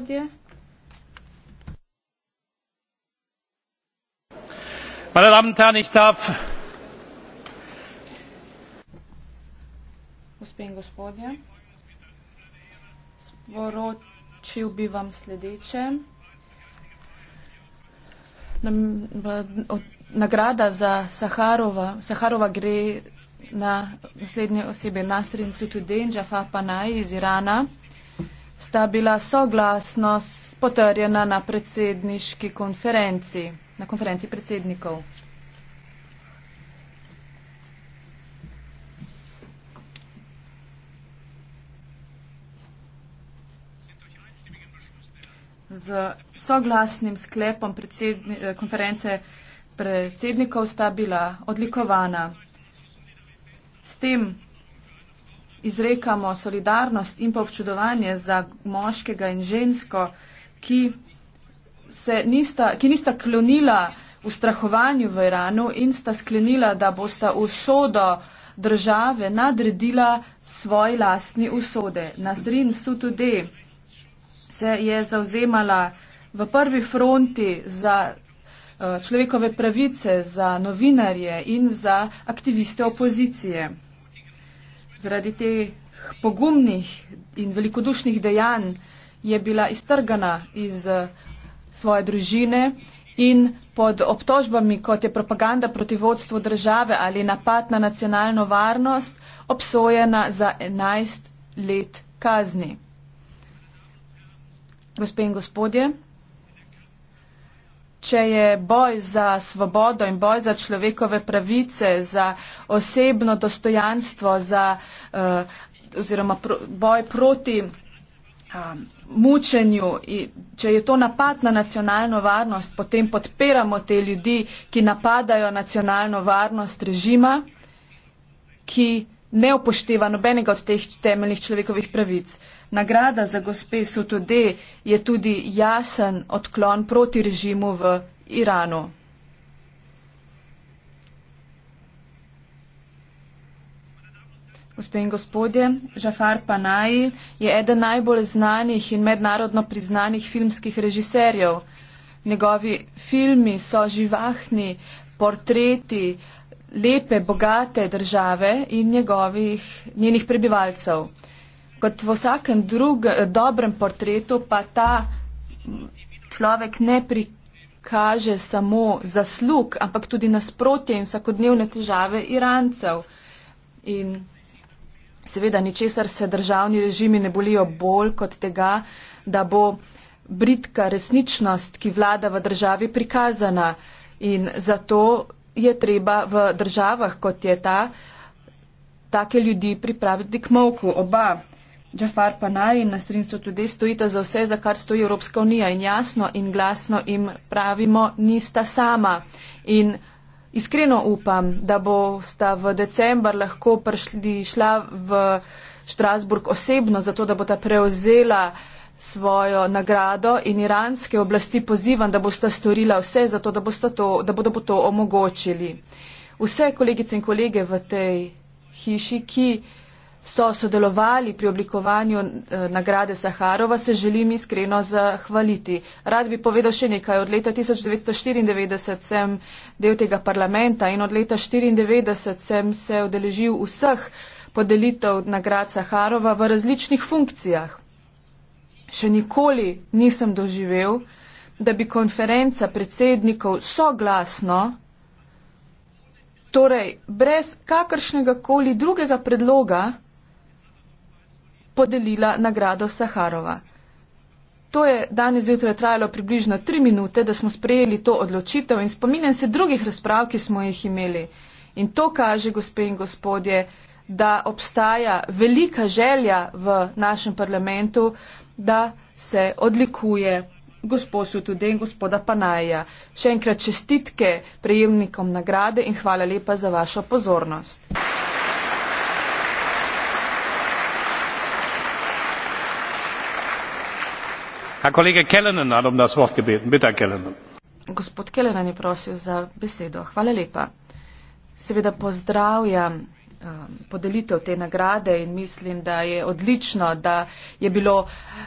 gospodje. Meine Damen und Herren, ich darf gospodje, sporočil bi vam sledeče. Na, b, od, nagrada za Saharova, Saharova gre na naslednje osebe Nasrin Sutuden, Jafar Panay iz Irana sta bila soglasno potrjena na predsedniški konferenci, na konferenci predsednikov. Z soglasnim sklepom eh, konference predsednikov sta bila odlikovana. S tem izrekamo solidarnost in pa občudovanje za moškega in žensko, ki, nista, ki nista klonila v strahovanju v Iranu in sta sklenila, da bosta usodo države nadredila svoji lastni usode. Nasrin Sutude se je zauzemala v prvi fronti za eh, človekove pravice, za novinarje in za aktiviste opozicije. Zaradi teh pogumnih in velikodušnih dejanj je bila iztrgana iz eh, svoje družine in pod obtožbami, kot je propaganda proti vodstvu države ali napad na nacionalno varnost, obsojena za 11 let kazni. Gospe in gospodje, če je boj za svobodo in boj za človekove pravice, za osebno dostojanstvo, za uh, oziroma pro, boj proti um, mučenju, in, če je to napad na nacionalno varnost, potem podpiramo te ljudi, ki napadajo nacionalno varnost režima, ki ne upošteva nobenega od teh temeljnih človekovih pravic. Nagrada za gospe Sotode je tudi jasen odklon proti režimu v Iranu. Gospe in gospodje, Žafar Panaji je eden najbolj znanih in mednarodno priznanih filmskih režiserjev. Njegovi filmi so živahni, portreti, uh, lepe, bogate države in njegovih, njenih prebivalcev. Kot v vsakem drugem dobrem portretu pa ta človek ne prikaže samo zaslug, ampak tudi nasprotje in vsakodnevne težave Irancev. In seveda ničesar se državni režimi ne bolijo bolj kot tega, da bo britka resničnost, ki vlada v državi, prikazana. In zato je treba v državah, kot je ta, take ljudi pripraviti k molku. Oba, Džafar Panaj in Nasrin so tudi stojita za vse, za kar stoji Evropska unija in jasno in glasno jim pravimo, nista sama. In iskreno upam, da bo sta v decembar lahko prišla v Štrasburg osebno, zato da bo ta prevzela svojo nagrado in iranske oblasti pozivam, da bosta storila vse za to, da, to, da bodo to omogočili. Vse kolegice in kolege v tej hiši, ki so sodelovali pri oblikovanju eh, nagrade Saharova, se želim iskreno zahvaliti. Rad bi povedal še nekaj. Od leta 1994 sem del tega parlamenta in od leta 1994 sem se odeležil vseh podelitev nagrad Saharova v različnih funkcijah še nikoli nisem doživel, da bi konferenca predsednikov soglasno, torej brez kakršnega koli drugega predloga, podelila nagrado Saharova. To je danes zjutraj trajalo približno tri minute, da smo sprejeli to odločitev in spominjam se drugih razprav, ki smo jih imeli. In to kaže, gospe in gospodje, da obstaja velika želja v našem parlamentu, da se odlikuje gospod Sutude in gospoda Panaja. Še enkrat čestitke prejemnikom nagrade in hvala lepa za vašo pozornost. Um gospod Kellenan je prosil za besedo. Hvala lepa. Seveda pozdravljam um, podelitev te nagrade in mislim, da je odlično, da je bilo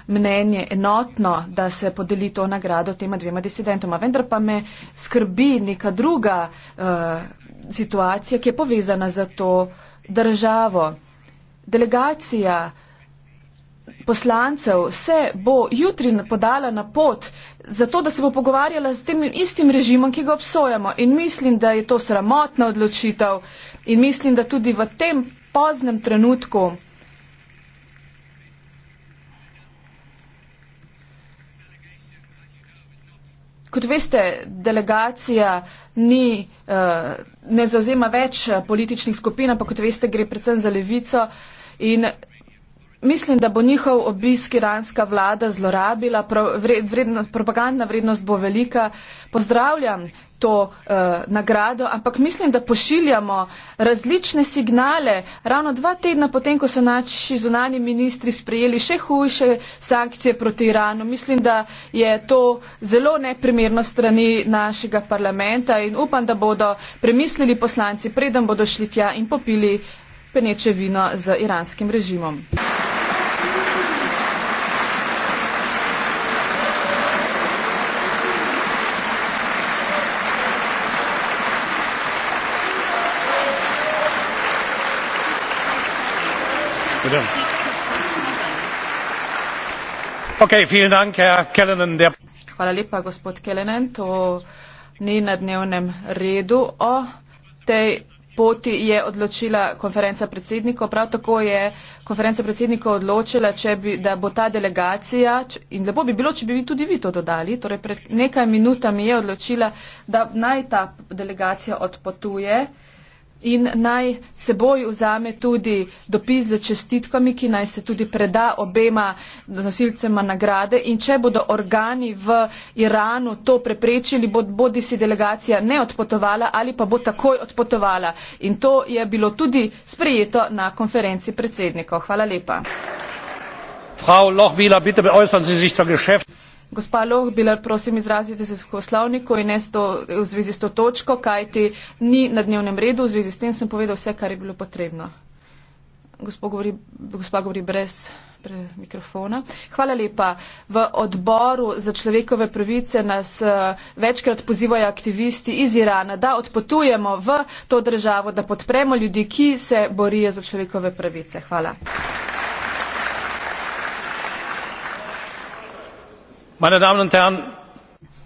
mnenje enotno, da se podeli to nagrado tema dvema disidentoma. Vendar pa me skrbi neka druga uh, situacija, ki je povezana za to državo. Delegacija poslancev se bo jutri podala na pot, zato da se bo pogovarjala s tem istim režimom, ki ga obsojamo. In mislim, da je to sramotna odločitev in mislim, da tudi v tem poznem trenutku. Kot veste, delegacija ni, eh, ne zauzema več političnih skupin, ampak kot veste, gre predvsem za levico. In Mislim, da bo njihov obisk iranska vlada zlorabila, vrednost, propagandna vrednost bo velika. Pozdravljam to uh, nagrado, ampak mislim, da pošiljamo različne signale. Ravno dva tedna potem, ko so naši zunani ministri sprejeli še hujše sankcije proti Iranu, mislim, da je to zelo neprimerno strani našega parlamenta in upam, da bodo premislili poslanci, preden bodo šli tja in popili peneče vino z iranskim režimom. Thank you. bitte. Okay, vielen Dank, Herr Kellenen. Der Hvala lepa, gospod Kelenen. To ni na dnevnem redu. O tej poti je odločila konferenca predsednikov. Prav tako je konferenca predsednikov odločila, bi, da bo ta delegacija, in lepo bi bilo, če bi vi tudi vi to dodali, torej pred nekaj minutami je odločila, da naj ta delegacija odpotuje in naj seboj vzame tudi dopis za čestitkami, ki naj se tudi preda obema nosilcema nagrade in če bodo organi v Iranu to preprečili, bodi si delegacija ne odpotovala ali pa bo takoj odpotovala. In to je bilo tudi sprejeto na konferenci predsednikov. Hvala lepa. Frau Lochbieler, bitte beäußern Sie sich zur Geschäft. Gospa Loh, bi lahko prosim izraziti se s poslovnikom in ne sto, v zvezi s to točko, kaj ti ni na dnevnem redu, v zvezi s tem sem povedal vse, kar je bilo potrebno. Gospa govori, gospa govori brez pre, mikrofona. Hvala lepa. V odboru za človekove pravice nas uh, večkrat pozivajo aktivisti iz Irana, da odpotujemo v to državo, da podpremo ljudi, ki se borijo za človekove pravice. Hvala.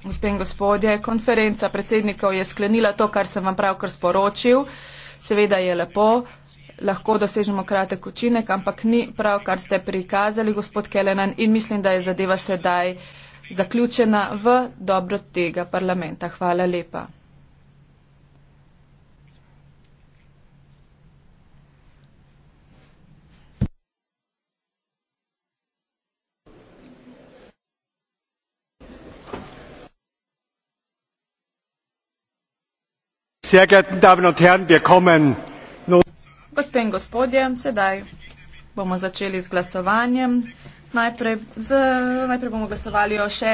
gospe in gospodje konferenca predsednikov je sklenila to kar sem vam pravkar sporočil seveda je lepo lahko dosežemo kratek učinek ampak ni prav kar ste prikazali gospod kelenan in mislim da je zadeva sedaj zaključena v dobro tega parlamenta hvala lepa. sehr geehrten Damen und Herren, wir kommen nun. Gospe in gospodje, sedaj bomo začeli z glasovanjem. Najprej, z, najprej bomo glasovali o še.